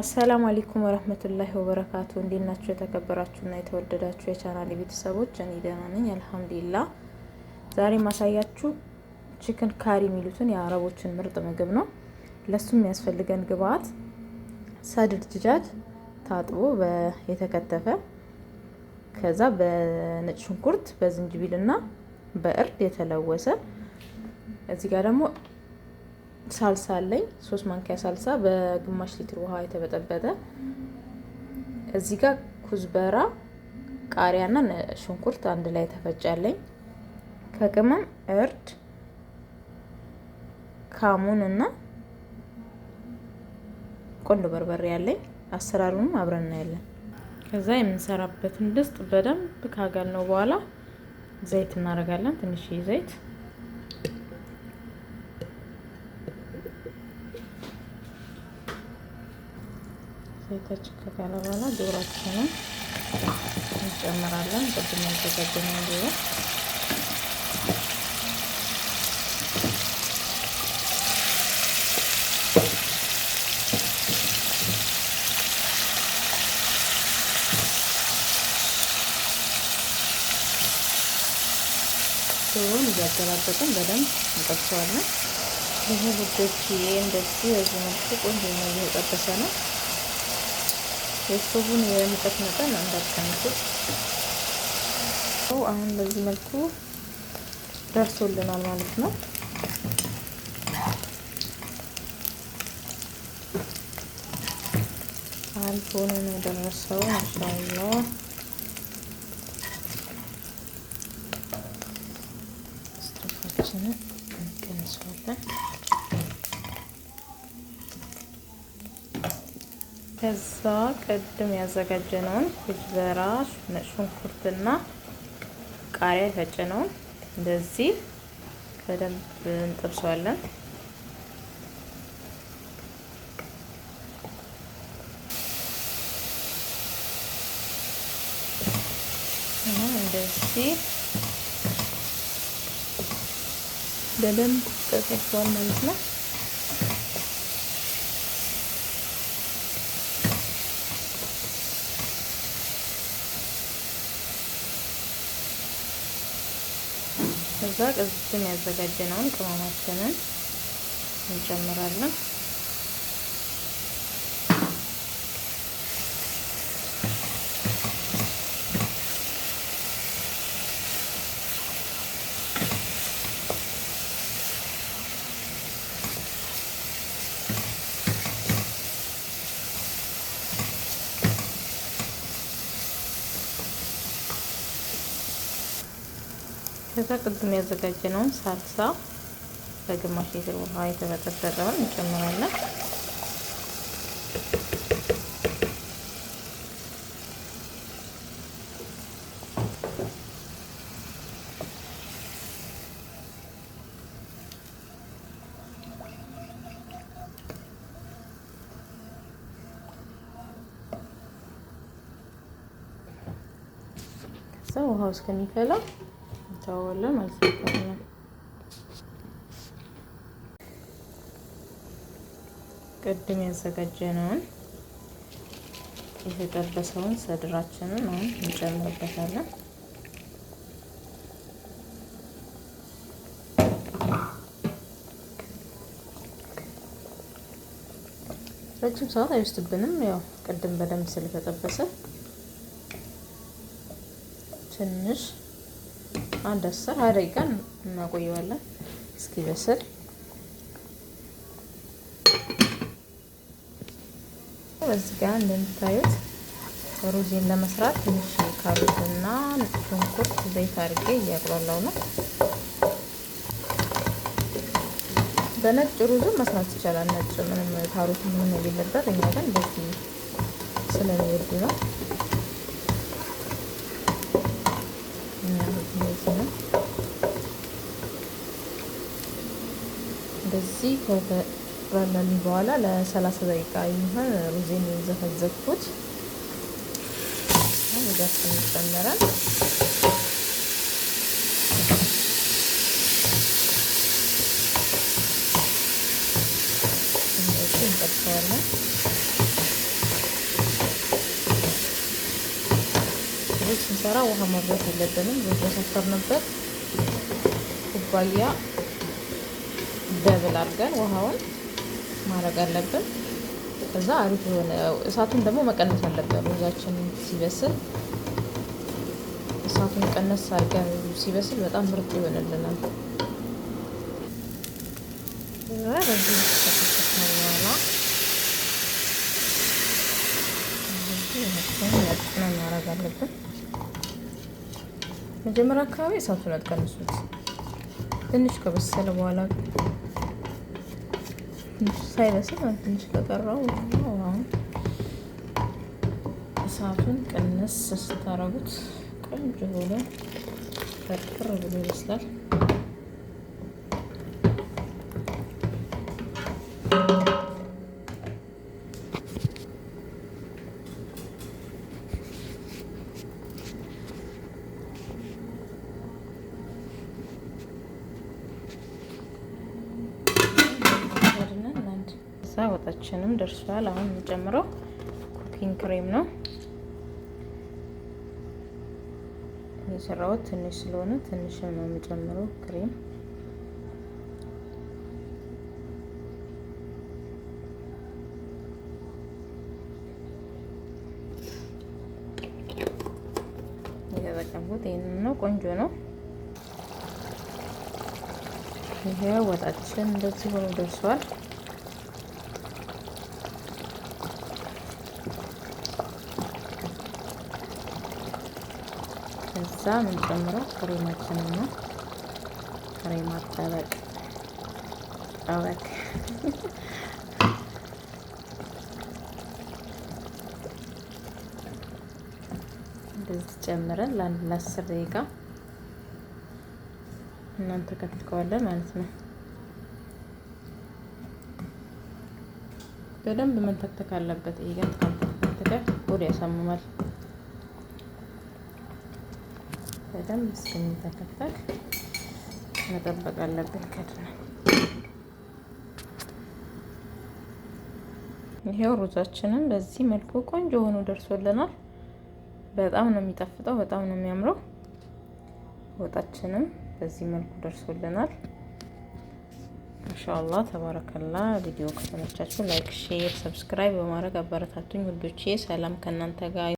አሰላሙ አሌይኩም ወረህመቱላሂ ወበረካቱ። እንዴት ናችሁ? የተከበራችሁና የተወደዳችሁ የቻናል ቤተሰቦች፣ እኔ ደህና ነኝ አልሐምዱሊላ። ዛሬ ማሳያችሁ ችክን ካሪ የሚሉትን የአረቦችን ምርጥ ምግብ ነው። ለሱም የሚያስፈልገን ግብአት ሰድር ድጃጅ ታጥቦ የተከተፈ፣ ከዛ በነጭ ሽንኩርት በዝንጅቢልና በእርድ የተለወሰ እዚህ ጋር ደግሞ ሳልሳ አለኝ። ሶስት ማንኪያ ሳልሳ በግማሽ ሊትር ውሃ የተበጠበጠ። እዚህ ጋር ኩዝበራ ቃሪያና ሽንኩርት አንድ ላይ ተፈጫለኝ። ከቅመም እርድ፣ ካሙን እና ቆንዶ በርበሬ ያለኝ። አሰራሩንም አብረን እናያለን። ከዛ የምንሰራበትን ድስት በደንብ ነው በኋላ ዘይት እናደርጋለን። ትንሽ ዘይት ዘይታችን ከጋለ በኋላ ዶሯችንን እንጨምራለን። ቅድም ያዘጋጀነው ዶሮ ዶሮን እያገላበጥን በደንብ እንጠብሰዋለን። ይህ ልጆች ይሄ እንደዚህ በዚህ መልኩ ቆንጆ ነው እየተጠበሰ ነው። የስቶቡን የሙቀት መጠን እንዳትቀንሱት። አሁን በዚህ መልኩ ደርሶልናል ማለት ነው። አልፎ ነው ደረሰው። ማሻአላህ ከዛ ቅድም ያዘጋጀነውን ኩዝበራ ነጭ ሽንኩርትና ቃሪያ የፈጨነውን እንደዚህ በደንብ እንጠብሰዋለን። እንደዚህ በደንብ ተጠብሷል ማለት ነው። ከዛ ቅዝም ያዘጋጀነውን ቅመማችንን እንጨምራለን ከዛ ቅድም ያዘጋጀነውን ሳልሳ በግማሽ ሊትር ውሃ የተበጠበጠውን እንጨምራለን። ከዛ ውሃው እስከሚፈላ እንተዋዋለን ማለት ነው። ቅድም ያዘጋጀነውን የተጠበሰውን ሰድራችንን አሁን እንጨምርበታለን። ረጅም ሰዓት አይወስድብንም። ያው ቅድም በደንብ ስለተጠበሰ ትንሽ አንድ አስር ሀያ ደቂቃ እናቆየዋለን እስኪ እስኪበስል። በዚህ ጋር እንደምታዩት ሩዜን ለመስራት ትንሽ ካሮትና ሽንኩርት ዘይት አድርጌ እያቁላላው ነው። በነጭ ሩዝም መስራት ይቻላል። ነጭ ምንም ካሮት ምን የሌለበት እኛ ግን በዚህ ስለሚወዱ ነው። እንደዚህ ከበራለልኝ በኋላ ለሰላሳ ደቂቃ የሚሆን ሩዜን የዘፈዘፍኩት ወዳችን ይጨመራል። እንደዚህ ስንሰራ ውሃ ማብዛት የለብንም። በሰፈርንበት ኩባያ ደብል አድርገን ውሃውን ማድረግ አለብን። ከዛ አሪፍ የሆነ እሳቱን ደግሞ መቀነስ አለብን። ሩዛችን ሲበስል እሳቱን ቀነስ አድርገን ሲበስል በጣም ምርጥ ይሆንልናል። ማድረግ አለብን። መጀመሪያ አካባቢ እሳቱን አትቀንሱት። ትንሽ ከበሰለ በኋላ ሳይበስል ትንሽ ከቀረው አሁን እሳቱን ቅንስ ስታረጉት ቆንጆ ሆነ፣ ፈርፍር ብሎ ይመስላል። ዱቄታችንም ደርሷል። አሁን የምጨምረው ኩኪንግ ክሬም ነው። የሰራሁት ትንሽ ስለሆነ ትንሽ ነው የምጨምረው ክሬም የተጠቀምኩት ይህንን ነው። ቆንጆ ነው። ይሄ ወጣችን እንደዚህ ሆኖ ደርሷል። ከዛ ምን ጨምረው ክሬማችንና ክሬማ ጠበቅ ጠበቅ እንደዚህ ጨምረን ለአንድ ለአስር ደቂቃ እናንተ ከትከዋለን ማለት ነው። በደንብ መንተክተክ አለበት። ይሄ ግን ካልተተከተከ ወዲያ ያሳምማል። በደንብ እስከሚተከተክ መጠበቅ አለብን። ይሄው ሩዛችንን በዚህ መልኩ ቆንጆ ሆኖ ደርሶልናል። በጣም ነው የሚጣፍጠው፣ በጣም ነው የሚያምረው። ወጣችንም በዚህ መልኩ ደርሶልናል። ማሻአላህ ተባረከላ። ቪዲዮ ከተመቻችሁ ላይክ፣ ሼር፣ ሰብስክራይብ በማድረግ አበረታቱኝ ውዶቼ። ሰላም ከእናንተ ጋር